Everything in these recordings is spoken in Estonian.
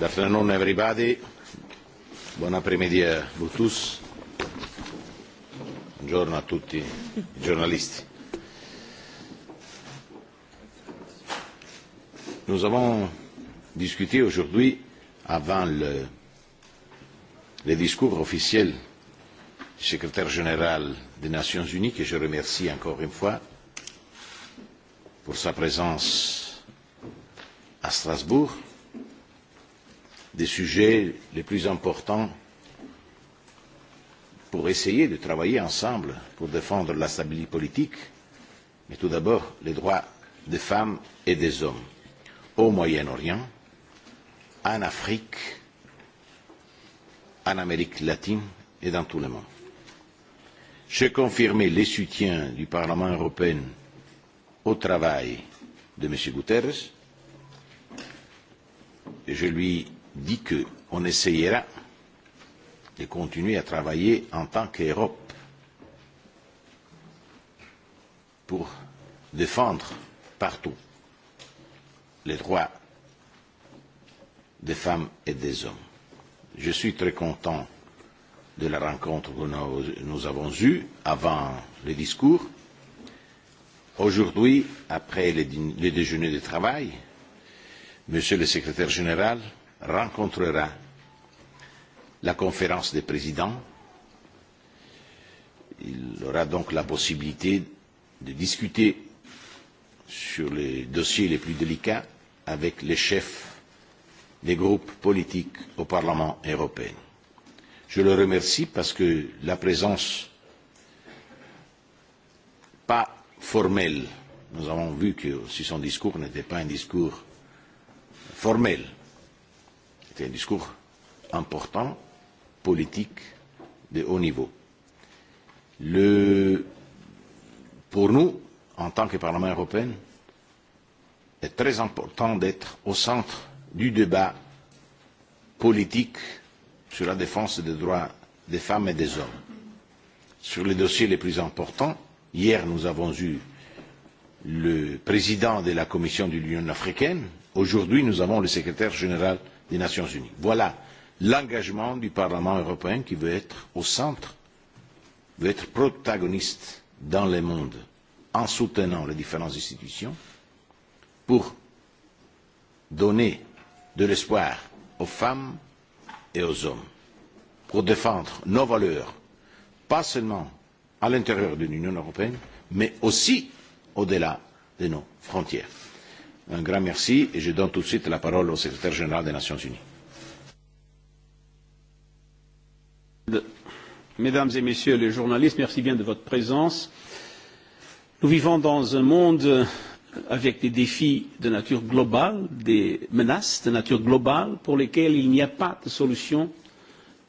Good afternoon, everybody. Buon après-midi a vous tous. Buongiorno a tutti i giornalisti. Nous avons discuté aujourd'hui, avant le, le discours officiel du secrétaire général des Nations Unies, que je remercie encore une fois pour sa présence à Strasbourg, des sujets les plus importants pour essayer de travailler ensemble pour défendre la stabilité politique, mais tout d'abord les droits des femmes et des hommes au Moyen-Orient, en Afrique, en Amérique latine et dans tout le monde. J'ai confirmé le soutien du Parlement européen au travail de M. Guterres et je lui dit qu'on essayera de continuer à travailler en tant qu'Europe pour défendre partout les droits des femmes et des hommes. Je suis très content de la rencontre que nous, nous avons eue avant le discours. Aujourd'hui, après le, le déjeuner de travail, Monsieur le secrétaire général, rencontrera la conférence des présidents. Il aura donc la possibilité de discuter sur les dossiers les plus délicats avec les chefs des groupes politiques au Parlement européen. Je le remercie parce que la présence pas formelle, nous avons vu que si son discours n'était pas un discours formel, C'était un discours important, politique, de haut niveau. Le, pour nous, en tant que Parlement européen, est très important d'être au centre du débat politique sur la défense des droits des femmes et des hommes. Sur les dossiers les plus importants, hier nous avons eu le président de la Commission de l'Union africaine, aujourd'hui nous avons le secrétaire général des Nations Unies. Voilà l'engagement du Parlement européen qui veut être au centre, veut être protagoniste dans le monde en soutenant les différentes institutions pour donner de l'espoir aux femmes et aux hommes, pour défendre nos valeurs, pas seulement à l'intérieur de l'Union européenne, mais aussi au-delà de nos frontières. Un grand merci et je donne tout de suite la parole au secrétaire général des Nations Unies. Mesdames et Messieurs les journalistes, merci bien de votre présence. Nous vivons dans un monde avec des défis de nature globale, des menaces de nature globale pour lesquelles il n'y a pas de solution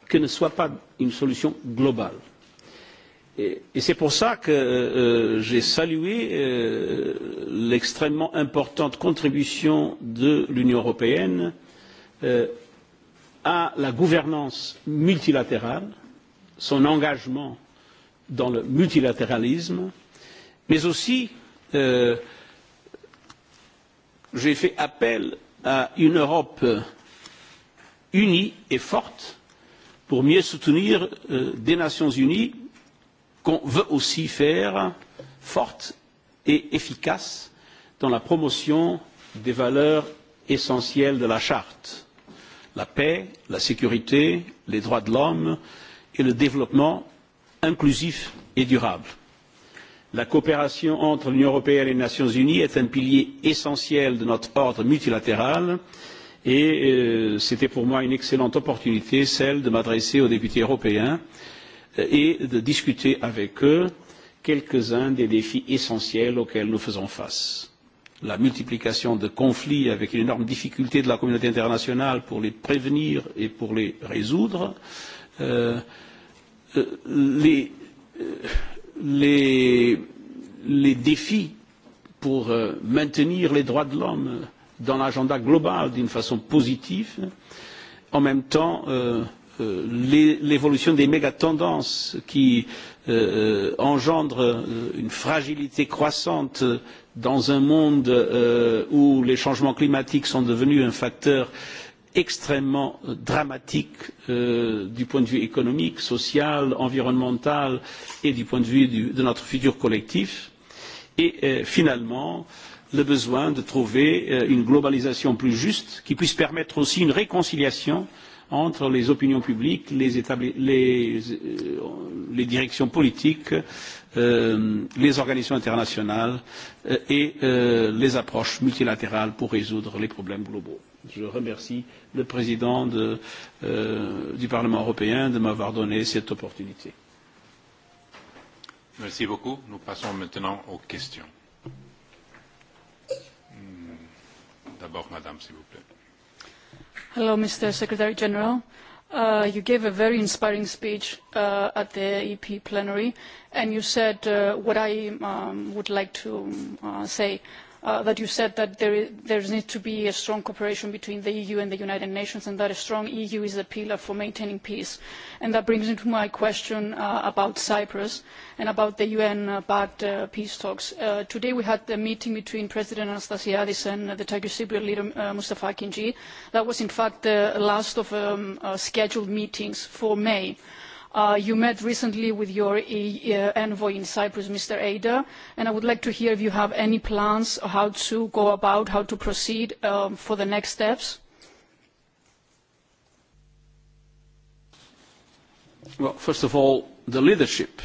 que ne soit pas une solution globale. Et, et c'est pour ça que euh, euh, j'ai salué euh, l'extrêmement importante contribution de l'Union européenne euh, à la gouvernance multilatérale, son engagement dans le multilatéralisme, mais aussi euh, j'ai fait appel à une Europe euh, unie et forte pour mieux soutenir euh, des Nations unies qu'on veut aussi faire forte et efficace dans la promotion des valeurs essentielles de la charte la paix, la sécurité, les droits de l'homme et le développement inclusif et durable. La coopération entre l'Union européenne et les Nations unies est un pilier essentiel de notre ordre multilatéral et euh, c'était pour moi une excellente opportunité, celle de m'adresser aux députés européens euh, et de discuter avec eux quelques-uns des défis essentiels auxquels nous faisons face. La multiplication de conflits avec une énorme difficulté de la communauté internationale pour les prévenir et pour les résoudre, euh, euh les, euh, les, les défis pour euh, maintenir les droits de l'homme dans l'agenda global d'une façon positive, en même temps euh, Euh, l'évolution des méga tendances qui euh, euh engendrent euh, une fragilité croissante dans un monde euh, où les changements climatiques sont devenus un facteur extrêmement dramatique euh, du point de vue économique, social, environnemental et du point de vue du, de notre futur collectif. Et euh, finalement, le besoin de trouver euh, une globalisation plus juste qui puisse permettre aussi une réconciliation euh, entre les opinions publiques, les, les, euh, les directions politiques, euh, les organisations internationales euh, et euh, les approches multilatérales pour résoudre les problèmes globaux. Je remercie le président de, euh, du Parlement européen de m'avoir donné cette opportunité. Merci beaucoup. Nous passons maintenant aux questions. Hmm. D'abord, Madame, s'il vous plaît. Hello, Mr. Secretary General. Uh, you gave a very inspiring speech uh, at the EP plenary, and you said uh, what I um, would like to uh, say. Uh, uh, that you said that there, there needs to be a strong cooperation between the EU and the United Nations and that a strong EU is a pillar for maintaining peace. And that brings me to my question uh, about Cyprus and about the UN-backed uh, uh, peace talks. Uh, today we had the meeting between President Anastasiadis and the Turkish Cypriot leader uh, Mustafa Akinci. That was in fact the last of um, uh, scheduled meetings for May. Uh, Uh, you met recently with your uh, envoy in Cyprus, Mr. Ada, and I would like to hear if you have any plans how to go about, how to proceed um, for the next steps. Well, first of all, the leadership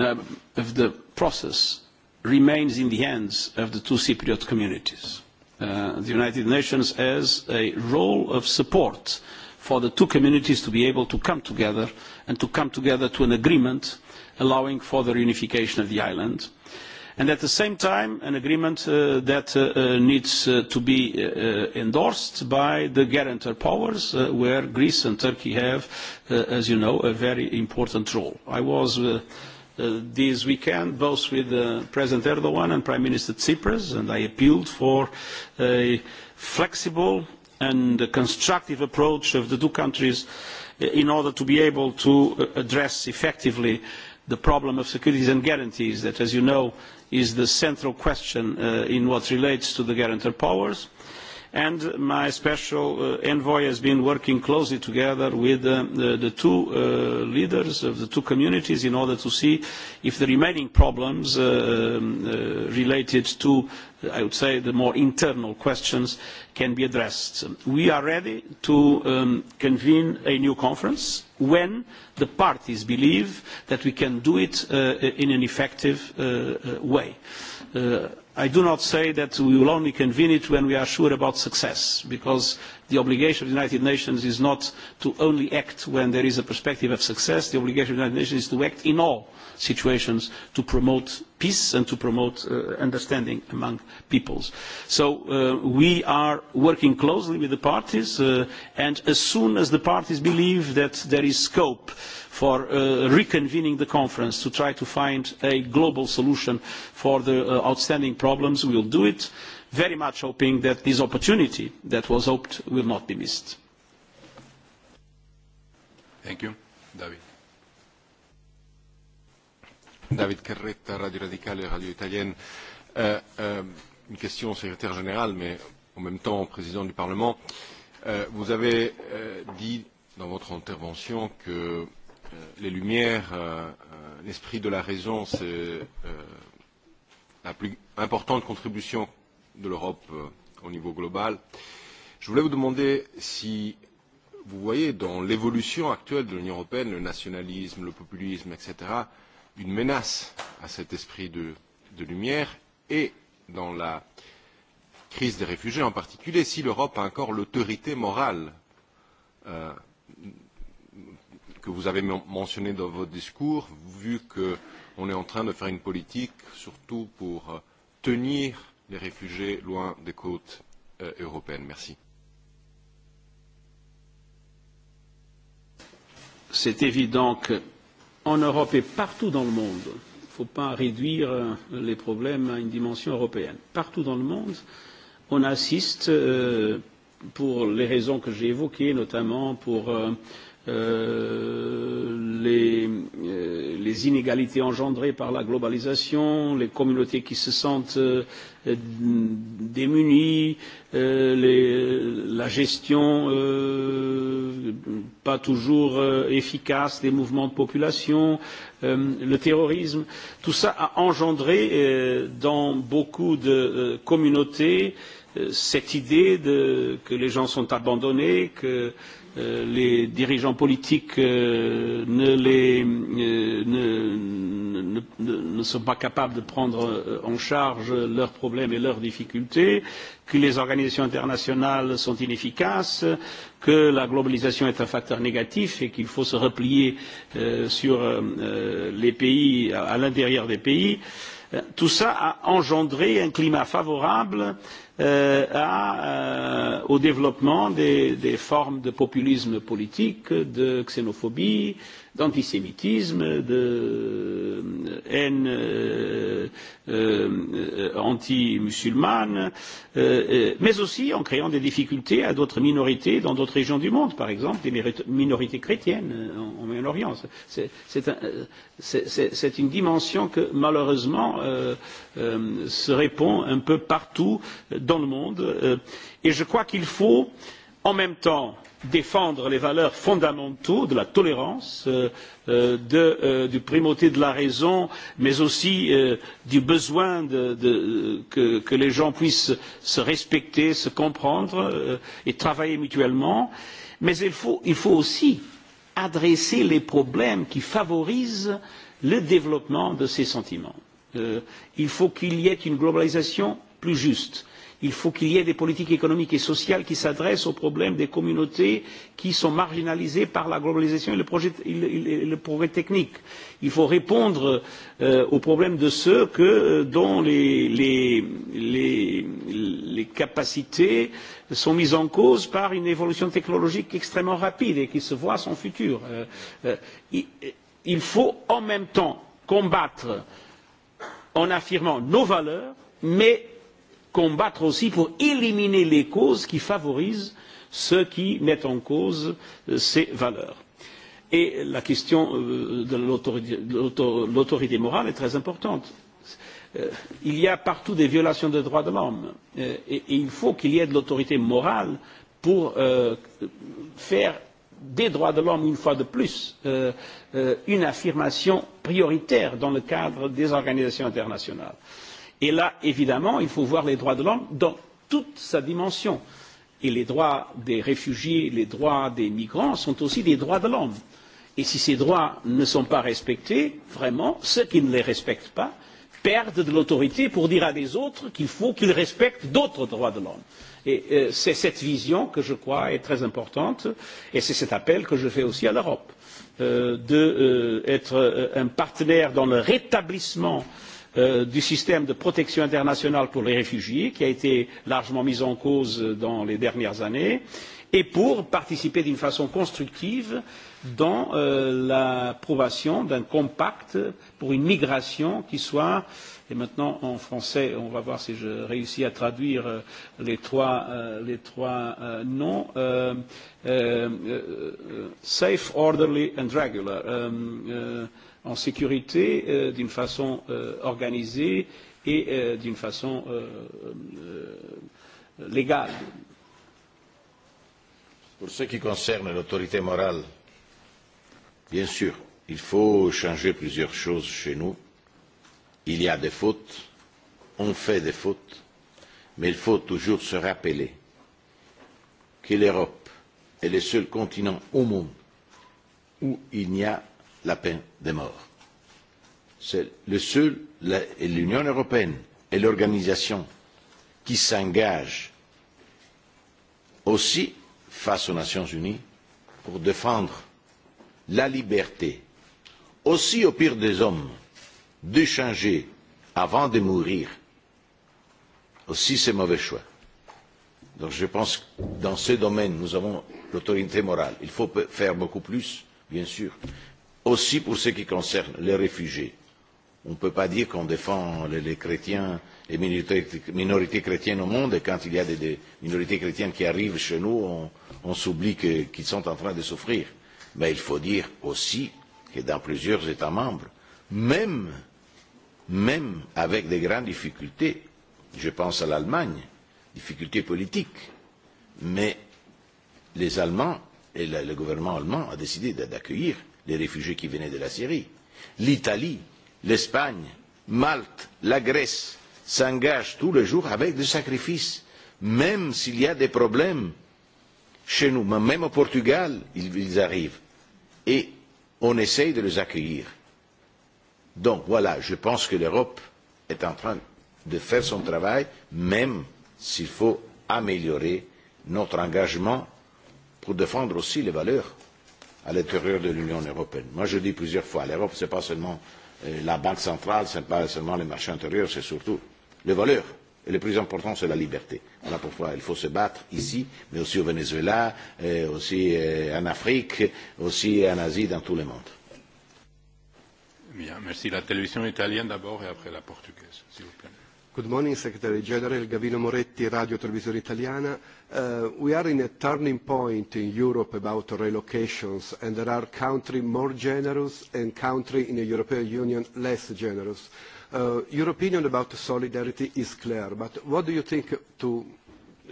uh, of the process remains in the hands of the two Cypriot communities. Uh, the United Nations has a role of support for the two communities to be able to come together uh, and to come together to an agreement allowing for the reunification of the island. And at the same time, an agreement uh, that uh, uh needs uh, to be uh, uh, endorsed by the guarantor powers, uh, where Greece and Turkey have, uh, as you know, a very important role. I was uh, uh, this weekend both with uh, President Erdogan and Prime Minister Tsipras, and I appealed for a flexible and a constructive approach of the two countries uh, Uh, in order to be able to uh, address effectively the problem of securities and guarantees that, as you know, is the central question uh, in what relates to the guarantor powers and my special uh, envoy has been working closely together with uh, the, the two uh, leaders of the two communities in order to see if the remaining problems uh, um, uh, related to I would say the more internal questions can be addressed. We are ready to um, convene a new conference when the parties believe that we can do it uh, in an effective uh, uh way. Uh, I do not say that we will only convene it when we are sure about success, because the obligation of the United Nations is not to only act when there is a perspective of success. The obligation of the United Nations is to act in all situations to promote peace and to promote uh, understanding among peoples. So uh, we are working closely with the parties, uh, and as soon as the parties believe that there is scope for uh, reconvening the conference to try to find a global solution for the uh, outstanding problems, problems, we will do it, very much hoping that this opportunity that was hoped will not be missed. Thank you. David. David Carretta, Radio Radicale et Radio Italienne. Euh, euh, une question au secrétaire général, mais en même temps au président du Parlement. Euh, vous avez euh, dit dans votre intervention que euh, les Lumières, euh, euh l'esprit de la raison, c'est euh, la plus importante contribution de l'Europe euh, au niveau global. Je voulais vous demander si vous voyez dans l'évolution actuelle de l'Union européenne, le nationalisme, le populisme, etc., une menace à cet esprit de, de lumière et dans la crise des réfugiés en particulier, si l'Europe a encore l'autorité morale euh, que vous avez mentionnée dans votre discours, vu que euh, on est en train de faire une politique surtout pour euh, tenir les réfugiés loin des côtes euh, européennes. Merci. C'est évident qu'en Europe et partout dans le monde, il ne faut pas réduire euh, les problèmes à une dimension européenne. Partout dans le monde, on assiste, euh, pour les raisons que j'ai évoquées, notamment pour euh, euh, les, euh, les inégalités engendrées par la globalisation, les communautés qui se sentent euh, démunies, euh, les, la gestion euh, pas toujours euh, efficace des mouvements de population, euh, le terrorisme, tout ça a engendré euh, dans beaucoup de euh, communautés euh, cette idée de, que les gens sont abandonnés, que euh, les dirigeants politiques euh, ne, les, euh, ne, ne, ne sont pas capables de prendre euh, en charge leurs problèmes et leurs difficultés, que les organisations internationales sont inefficaces, que la globalisation est un facteur négatif et qu'il faut se replier euh, sur euh, euh les pays, à, à l'intérieur des pays. Euh, tout ça a engendré un climat favorable euh, euh, à, euh, au développement des, des formes de populisme politique, de xénophobie, d'antisémitisme, de euh, haine euh, euh, anti-musulmane, euh, euh, mais aussi en créant des difficultés à d'autres minorités dans d'autres régions du monde, par exemple des minorités chrétiennes en, euh, en Moyen-Orient. C'est un, une dimension que malheureusement euh, euh, se répand un peu partout dans le monde euh, et je crois qu'il faut en même temps défendre les valeurs fondamentales de la tolérance, euh, euh, de, euh, du primauté de la raison, mais aussi euh, du besoin de, de, que, que les gens puissent se respecter, se comprendre euh, et travailler mutuellement. Mais il faut, il faut aussi adresser les problèmes qui favorisent le développement de ces sentiments. Euh, il faut qu'il y ait une globalisation plus juste. Euh, Il faut qu'il y ait des politiques économiques et sociales qui s'adressent aux problèmes des communautés qui sont marginalisées par la globalisation et le, projet, et le, et le progrès technique. Il faut répondre euh, aux problèmes de ceux que, euh, dont les, les, les, les capacités sont mises en cause par une évolution technologique extrêmement rapide et qui se voit son futur. Euh, euh, il, il faut en même temps combattre en affirmant nos valeurs, mais combattre aussi pour éliminer les causes qui favorisent ceux qui mettent en cause euh, ces valeurs. Et la question euh, de l'autorité morale est très importante. Euh, il y a partout des violations des droits de l'homme et, et il faut qu'il y ait de l'autorité morale pour euh, faire des droits de l'homme, une fois de plus, euh, euh, une affirmation prioritaire dans le cadre des organisations internationales. Euh, Et là, évidemment, il faut voir les droits de l'homme dans toute sa dimension. Et les droits des réfugiés, les droits des migrants sont aussi des droits de l'homme. Et si ces droits ne sont pas respectés, vraiment, ceux qui ne les respectent pas perdent de l'autorité pour dire à des autres qu'il faut qu'ils respectent d'autres droits de l'homme. Et euh, c'est cette vision que je crois est très importante et c'est cet appel que je fais aussi à l'Europe euh, d'être euh, euh, un partenaire dans le rétablissement euh, euh, du système de protection internationale pour les réfugiés, qui a été largement mis en cause euh, dans les dernières années, et pour participer d'une façon constructive dans euh, l'approbation d'un compact pour une migration qui soit et maintenant en français on va voir si je réussis à traduire euh, les trois, euh, les trois euh, noms euh, euh, euh, euh safe, orderly and regular euh, euh, en sécurité euh, d'une façon euh, organisée et euh, d'une façon euh, euh, légale. Pour ce qui concerne l'autorité morale, bien sûr, il faut changer plusieurs choses chez nous. Il y a des fautes, on fait des fautes, mais il faut toujours se rappeler que l'Europe est le seul continent au monde où il n'y a la peine de mort. C'est le seul, l'Union européenne et l'organisation qui s'engagent aussi face aux Nations unies pour défendre la liberté, aussi au pire des hommes, de changer avant de mourir aussi ces mauvais choix. Donc je pense que dans ce domaine, nous avons l'autorité morale. Il faut faire beaucoup plus, bien sûr, aussi pour ce qui concerne les réfugiés. On ne peut pas dire qu'on défend les, les chrétiens, les minorités, minorités chrétiennes au monde, et quand il y a des, des minorités chrétiennes qui arrivent chez nous, on, on s'oublie qu'ils qu sont en train de souffrir. Mais il faut dire aussi que dans plusieurs États membres, même, même avec des grandes difficultés, je pense à l'Allemagne, difficultés politiques, mais les Allemands et le, le gouvernement allemand a décidé d'accueillir de, les réfugiés qui venaient de la Syrie. L'Italie, l'Espagne, Malte, la Grèce s'engagent tous les jours avec des sacrifices, même s'il y a des problèmes chez nous, même au Portugal, ils, ils arrivent. Et on essaye de les accueillir. Donc voilà, je pense que l'Europe est en train de faire son travail, même s'il faut améliorer notre engagement pour défendre aussi les valeurs à l'intérieur de l'Union européenne. Moi, je dis plusieurs fois, l'Europe, ce n'est pas seulement euh, la banque centrale, ce n'est pas seulement le marché intérieur, c'est surtout les valeurs. Et le plus important, c'est la liberté. Voilà pourquoi il faut se battre ici, mais aussi au Venezuela, et euh, aussi euh, en Afrique, aussi en Asie, dans tout le monde. Bien, merci. La télévision italienne d'abord et après la portugaise, s'il vous plaît. Good morning, Secretary General Gavino Moretti, Radio Televisione Italiana. Uh, we are in a turning point in Europe about relocations, and there are countries more generous and countries in the European Union less generous. Uh, your opinion about solidarity is clear, but what do you think to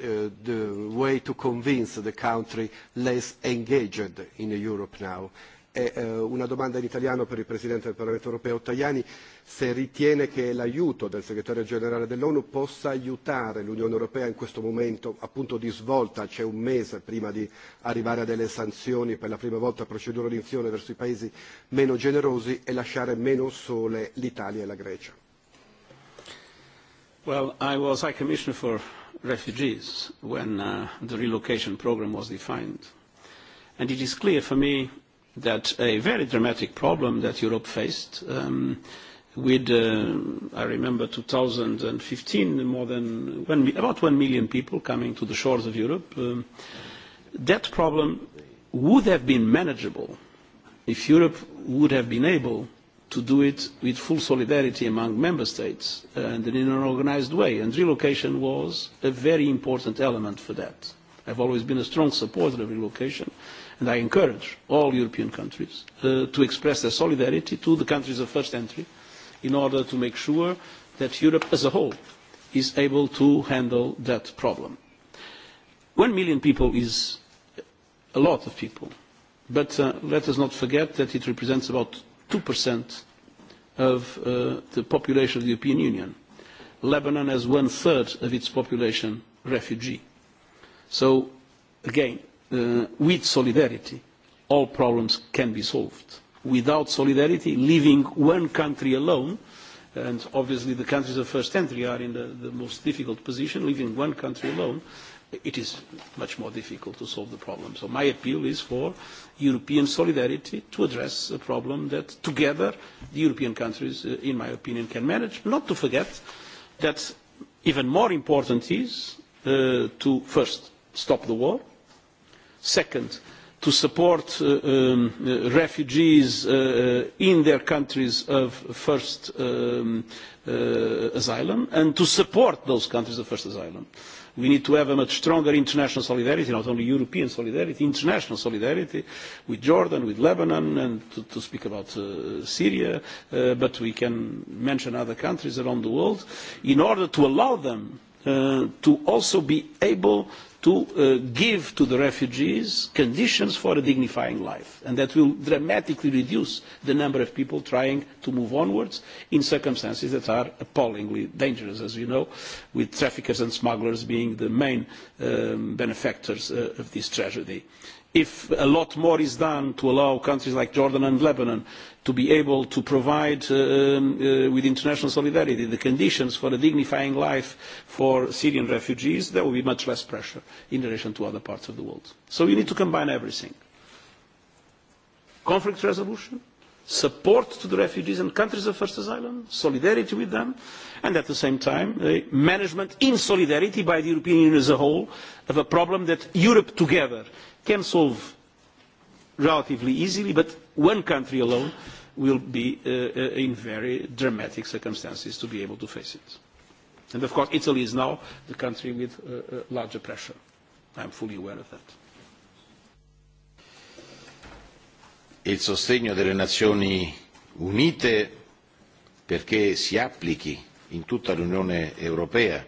uh, the way to convince the country less engaged in Europe now? Uh, è eh, una domanda in italiano per il Presidente del Parlamento europeo Tajani se ritiene che l'aiuto del Segretario Generale dell'ONU possa aiutare l'Unione Europea in questo momento appunto di svolta, c'è un mese prima di arrivare a delle sanzioni per la prima volta procedura di infrazione verso i paesi meno generosi e lasciare meno sole l'Italia e la Grecia. Well, I was High Commissioner for Refugees when uh, the relocation program was defined. And it is clear for me that a very dramatic problem that Europe faced um, with, uh, I remember 2015, more than one, about 1 million people coming to the shores of Europe. Um, that problem would have been manageable if Europe would have been able to do it with full solidarity among member states and in an organized way. And relocation was a very important element for that. I've always been a strong supporter of relocation. Uh, And I encourage all European countries uh, to express their solidarity to the countries of first entry in order to make sure that Europe as a whole is able to handle that problem. One million people is a lot of people, but uh, let us not forget that it represents about 2% of uh, the population of the European Union. Lebanon has one-third of its population refugee. So, again, uh, with solidarity, all problems can be solved. Without solidarity, leaving one country alone, and obviously the countries of first entry are in the, the most difficult position, leaving one country alone, it is much more difficult to solve the problem. So my appeal is for European solidarity to address a problem that together the European countries, uh, in my opinion, can manage. Not to forget that even more important is uh, to first stop the war, Second, to support uh, um, uh, refugees uh, uh, in their countries of first um, uh, asylum and to support those countries of first asylum. We need to have a much stronger international solidarity, not only European solidarity, international solidarity with Jordan, with Lebanon, and to, to speak about uh, Syria, uh, but we can mention other countries around the world, in order to allow them uh, to also be able to uh, give to the refugees conditions for a dignifying life. And that will dramatically reduce the number of people trying to move onwards in circumstances that are appallingly dangerous, as you know, with traffickers and smugglers being the main um, benefactors uh, of this tragedy if a lot more is done to allow countries like Jordan and Lebanon to be able to provide, uh, um, uh, with international solidarity, the conditions for a dignifying life for Syrian refugees, there will be much less pressure in relation to other parts of the world. So you need to combine everything. Conflict resolution, support to the refugees and countries of first asylum, solidarity with them, and at the same time, uh, management in solidarity by the European Union as a whole of a problem that Europe together can solve relatively easily, but one country alone will be uh, uh, in very dramatic circumstances to be able to face it. And of course, Italy is now the country with uh, uh, larger pressure. I'm fully aware of that. e il sostegno delle Nazioni Unite perché si applichi in tutta l'Unione europea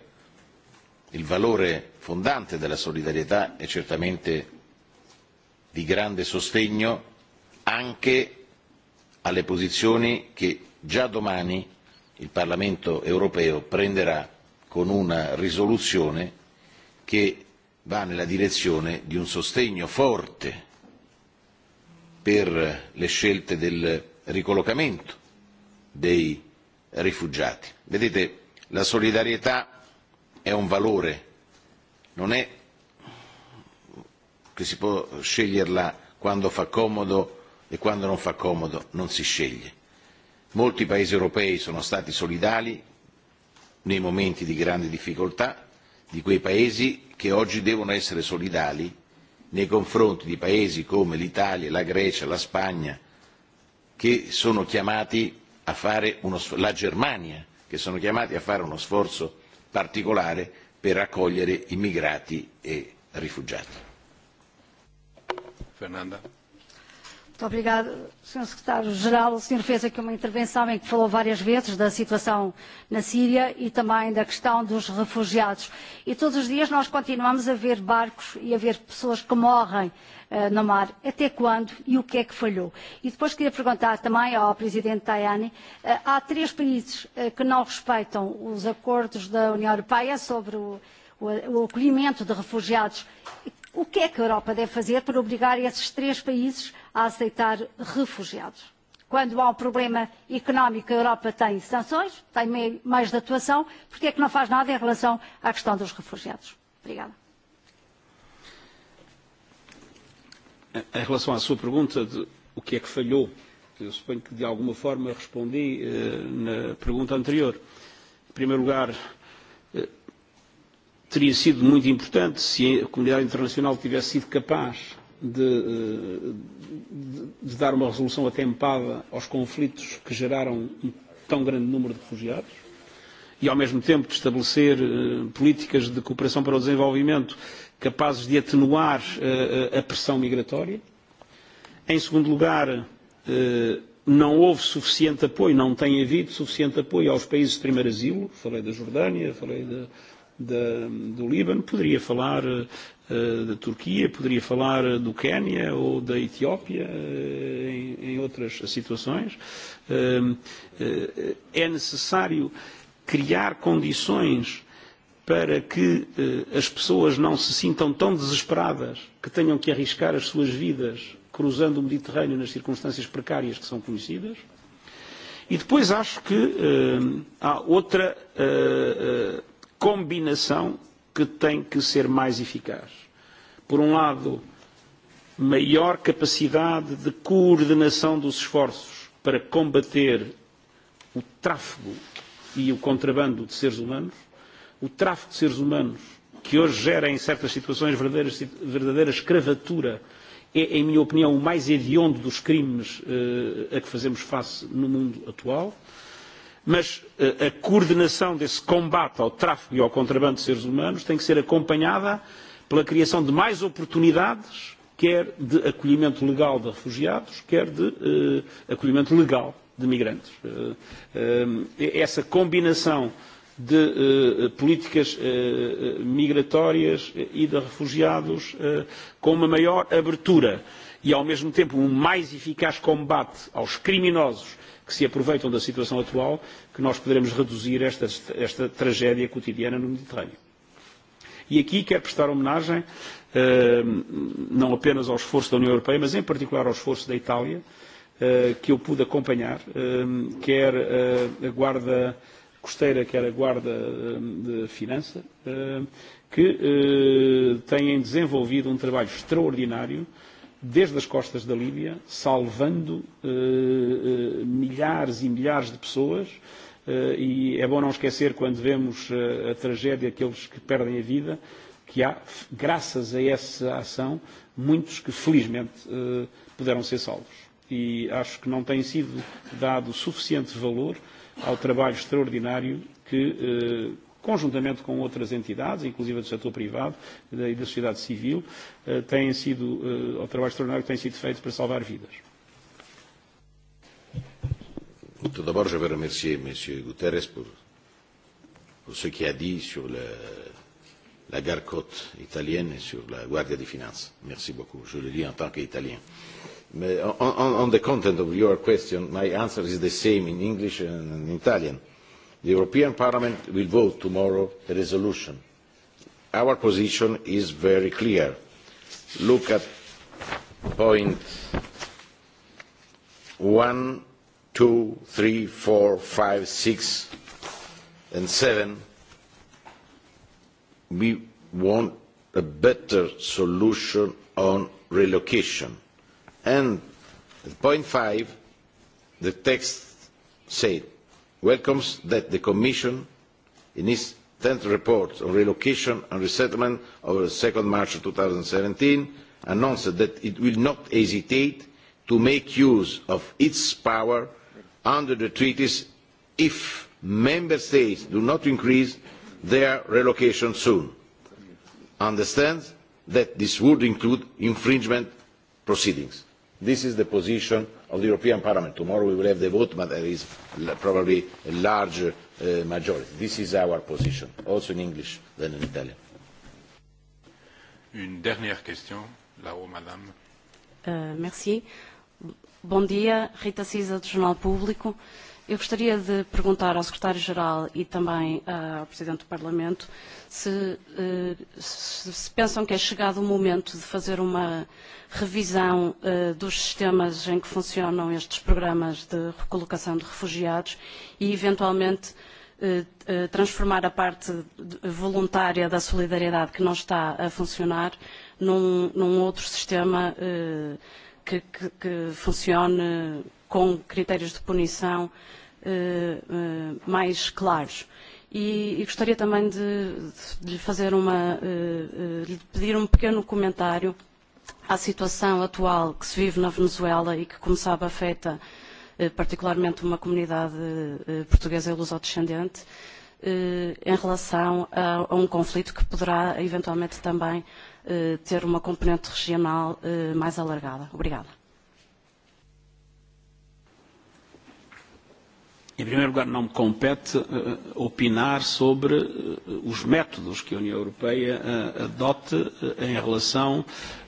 il valore fondante della solidarietà è certamente di grande sostegno anche alle posizioni che già domani il Parlamento europeo prenderà con una risoluzione che va nella direzione di un sostegno forte per le scelte del ricollocamento dei rifugiati. Vedete, la solidarietà è un valore, non è che si può sceglierla quando fa comodo e quando non fa comodo non si sceglie. Molti paesi europei sono stati solidali nei momenti di grande difficoltà di quei paesi che oggi devono essere solidali nei confronti di paesi come l'Italia, la Grecia, la Spagna, che sono chiamati a fare uno, la Germania, che sono chiamati a fare uno sforzo particolare per accogliere immigrati e rifugiati. Fernanda. Muito obrigada, Sr. Secretário-Geral. O Sr. fez aqui uma intervenção em que falou várias vezes da situação na Síria e também da questão dos refugiados. E todos os dias nós continuamos a ver barcos e a ver pessoas que morrem uh, no mar. Até quando e o que é que falhou? E depois queria perguntar também ao Presidente Tajani, uh, há três países uh, que não respeitam os acordos da União Europeia sobre o, o, o acolhimento de refugiados. O que é que a Europa deve fazer para obrigar esses três países a aceitar refugiados. Quando há um problema económico, a Europa tem sanções, tem mais de atuação, porque é que não faz nada em relação à questão dos refugiados? Obrigada. Em relação à sua pergunta de o que é que falhou, eu suponho que de alguma forma respondi eh, na pergunta anterior. Em primeiro lugar, eh, teria sido muito importante se a comunidade internacional tivesse sido capaz de, eh, de, de dar uma resolução atempada aos conflitos que geraram um tão grande número de refugiados e, ao mesmo tempo, de estabelecer uh, políticas de cooperação para o desenvolvimento capazes de atenuar uh, a pressão migratória. Em segundo lugar, uh, não houve suficiente apoio, não tem havido suficiente apoio aos países de primeiro asilo, falei da Jordânia, falei da, da, do Líbano, poderia falar uh, da Turquia, poderia falar do Quénia ou da Etiópia eh, em, em outras situações. Ehm, eh, é necessário criar condições para que as pessoas não se sintam tão desesperadas que tenham que arriscar as suas vidas cruzando o Mediterrâneo nas circunstâncias precárias que são conhecidas. E depois acho que ehm, há outra combinação que tem que ser mais eficaz. Por um lado, maior capacidade de coordenação dos esforços para combater o tráfego e o contrabando de seres humanos, o tráfego de seres humanos, que hoje gera em certas situações verdadeira, verdadeira escravatura, é, em minha opinião, o mais hediondo dos crimes eh, a que fazemos face no mundo atual. Eh, mas eh, a coordenação desse combate ao tráfico e ao contrabando de seres humanos tem que ser acompanhada pela criação de mais oportunidades, quer de acolhimento legal de refugiados, quer de uh, acolhimento legal de migrantes. Uh, uh, essa combinação de uh, políticas uh, migratórias e de refugiados uh, com uma maior abertura e, ao mesmo tempo, um mais eficaz combate aos criminosos que se aproveitam da situação atual, que nós poderemos reduzir esta, esta tragédia cotidiana no Mediterrâneo. E aqui quero prestar homenagem eh, não apenas ao esforço da União Europeia, mas em particular ao esforço da Itália, eh, que eu pude acompanhar, eh, quer eh, a Guarda Costeira, quer a Guarda eh, de Finança, eh, que têm desenvolvido um trabalho extraordinário eh, desde as costas da Líbia, salvando eh, eh, milhares e milhares de pessoas. Eh, e é bom não esquecer, quando vemos eh, a tragédia daqueles que perdem a vida, que há, graças a essa ação, muitos que felizmente eh, puderam ser salvos. E acho que não tem sido dado suficiente valor ao trabalho extraordinário que eh, conjuntamente com outras entidades, inclusive do setor privado e da e sociedade civil, eh, têm sido, eh, ao trabalho extraordinário que tem sido feito para salvar vidas. Tout d'abord, je veux remercier M. Guterres pour, pour ce qu'il a dit sur le, la gare côte italienne et sur la Guardia di Finanza. Merci beaucoup. Je le dis en tant qu'Italien. On, on, on the content of your question, my answer is the same in English and in Italian. The European Parliament will vote tomorrow a resolution. Our position is very clear. Look at point one, two, three, four, five, six, and seven. We want a better solution on relocation. And at point five, the text said welcomes that the commission in its tenth report on relocation and resettlement of two march two thousand and seventeen announced that it will not hesitate to make use of its power under the treaties if member states do not increase their relocation soon. understand that this would include infringement proceedings this is the position of the european parliament. tomorrow we will have the vote but there is probably a large uh, majority. this is our position also in english than in italian. une dernière question là haut madame. Uh, merci. Bom dia, Rita Cisa do Jornal Público. Uh, Eu gostaria de perguntar ao Secretário-Geral e também uh, ao Presidente do Parlamento se, uh, eh, se, se pensam que é chegado o momento de fazer uma revisão uh, dos sistemas em que funcionam estes programas de recolocação de refugiados e, eventualmente, uh, uh, transformar a parte voluntária da solidariedade que não está a funcionar num, num outro sistema uh, que, que, que funcione com critérios de punição eh, eh, mais claros. E, e gostaria também de, de lhe fazer uma, eh, eh, pedir um pequeno comentário à situação atual que se vive na Venezuela e que, como sabe, afeta eh, particularmente uma comunidade eh, portuguesa e lusodescendente, eh, em relação a, a um conflito que poderá eventualmente também eh, eh, ter uma componente regional eh, mais alargada. Obrigada. Em primeiro lugar, não me compete uh, eh, opinar sobre uh, eh, os métodos que a União Europeia uh, eh, adote uh, em relação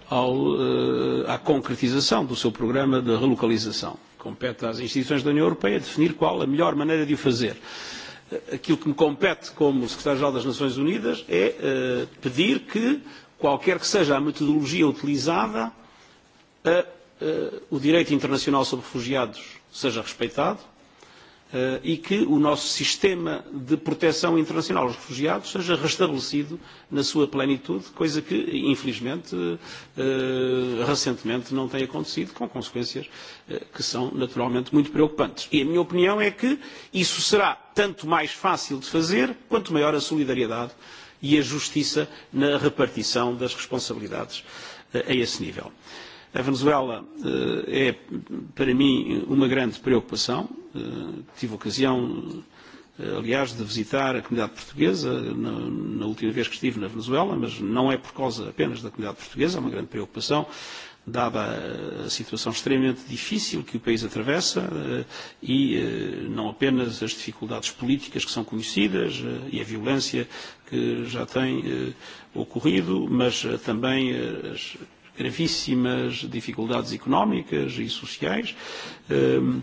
ao, uh, à concretização do seu programa de relocalização. Compete às instituições da União Europeia definir qual a melhor maneira de o fazer. Uh, aquilo que me compete como Secretário-Geral das Nações Unidas é uh, pedir que, qualquer que seja a metodologia utilizada, a, uh, o direito internacional sobre refugiados seja respeitado uh, e que o nosso sistema de proteção internacional aos refugiados seja restabelecido na sua plenitude, coisa que, infelizmente, uh, recentemente não tem acontecido, com consequências uh, que são naturalmente muito preocupantes. E a minha opinião é que isso será tanto mais fácil de fazer quanto maior a solidariedade e a justiça na repartição das responsabilidades uh, a esse nível. Uh, A Venezuela eh, é, para mim, uma grande preocupação. Eh, tive ocasião, eh, aliás, de visitar a comunidade portuguesa na, na última vez que estive na Venezuela, mas não é por causa apenas da comunidade portuguesa, é uma grande preocupação dada a situação extremamente difícil que o país atravessa e não apenas as dificuldades políticas que são conhecidas e a violência que já tem ocorrido, mas também as gravíssimas dificuldades económicas e sociais. Um,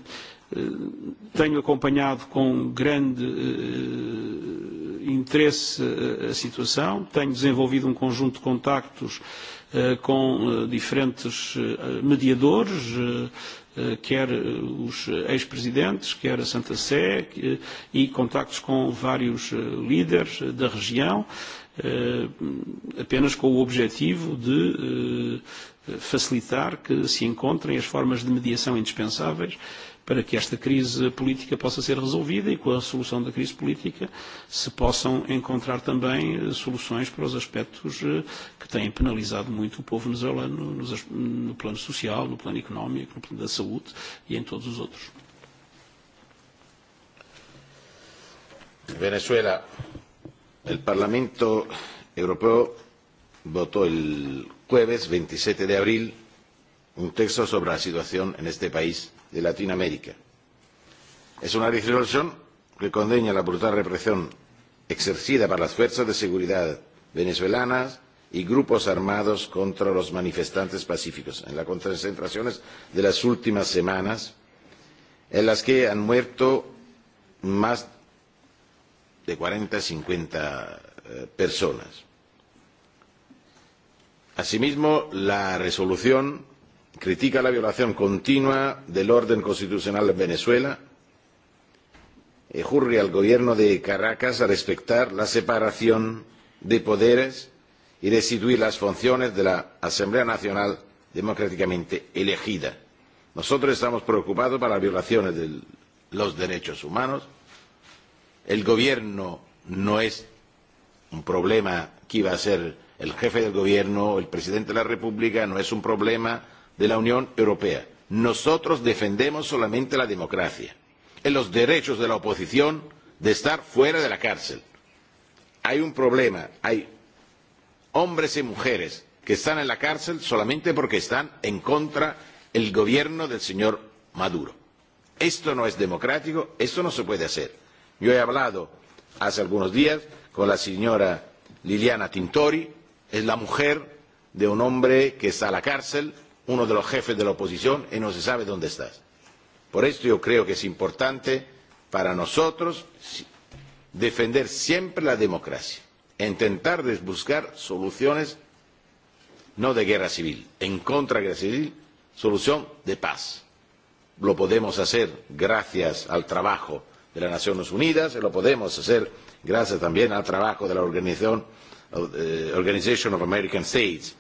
tenho acompanhado com grande uh, interesse a situação, tenho desenvolvido um conjunto de contactos uh, com uh, diferentes uh, mediadores, uh, uh, quer os ex-presidentes, quer a Santa Sé, uh, e contactos com vários uh, líderes da região. Uh, Eh, apenas com o objetivo de eh, facilitar que se encontrem as formas de mediação indispensáveis para que esta crise política possa ser resolvida e com a solução da crise política se possam encontrar também eh, soluções para os aspectos que têm penalizado muito o povo venezuelano no plano social, no plano económico, no plano da saúde e em todos os outros. Venezuela El Parlamento Europeo votó el jueves 27 de abril un texto sobre la situación en este país de Latinoamérica. Es una resolución que condena la brutal represión exercida por las fuerzas de seguridad venezolanas y grupos armados contra los manifestantes pacíficos en las concentraciones de las últimas semanas, en las que han muerto más de 40 a 50 eh, personas. Asimismo, la resolución critica la violación continua del orden constitucional en Venezuela y eh, juzga al gobierno de Caracas a respetar la separación de poderes y restituir las funciones de la Asamblea Nacional democráticamente elegida. Nosotros estamos preocupados por las violaciones de los derechos humanos el gobierno no es un problema que iba a ser el jefe del gobierno o el presidente de la República, no es un problema de la Unión Europea. Nosotros defendemos solamente la democracia y los derechos de la oposición de estar fuera de la cárcel. Hay un problema, hay hombres y mujeres que están en la cárcel solamente porque están en contra del gobierno del señor Maduro. Esto no es democrático, esto no se puede hacer Yo he hablado hace algunos días con la señora Liliana Tintori, es la mujer de un hombre que está a la cárcel, uno de los jefes de la oposición, y no se sabe dónde está. Por esto yo creo que es importante para nosotros defender siempre la democracia e intentar buscar soluciones no de guerra civil, en contra de guerra civil, solución de paz. Lo podemos hacer gracias al trabajo de las Naciones Unidas, y lo podemos hacer gracias también al trabajo de la Organización eh, Organization of American States.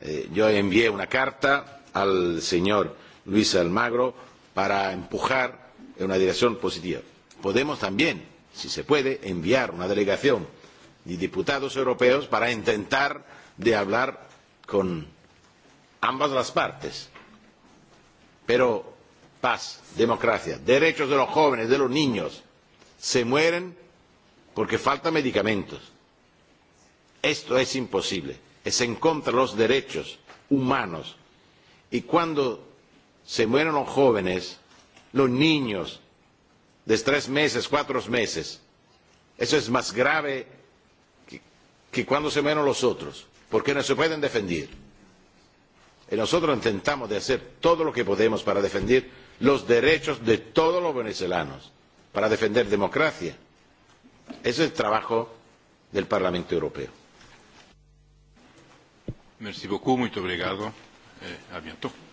Eh, yo envié una carta al señor Luis Almagro para empujar en una dirección positiva. Podemos también, si se puede, enviar una delegación de diputados europeos para intentar de hablar con ambas las partes. Pero paz, democracia, derechos de los jóvenes, de los niños, se mueren porque faltan medicamentos. Esto es imposible, es en contra de los derechos humanos. Y cuando se mueren los jóvenes, los niños, de tres meses, cuatro meses, eso es más grave que, que cuando se mueren los otros, porque no se pueden defender. Y nosotros intentamos de hacer todo lo que podemos para defender los derechos de todos los venezolanos para defender democracia. Ese es el trabajo del Parlamento Europeo. Merci beaucoup, muito obrigado. Eh, a bientôt.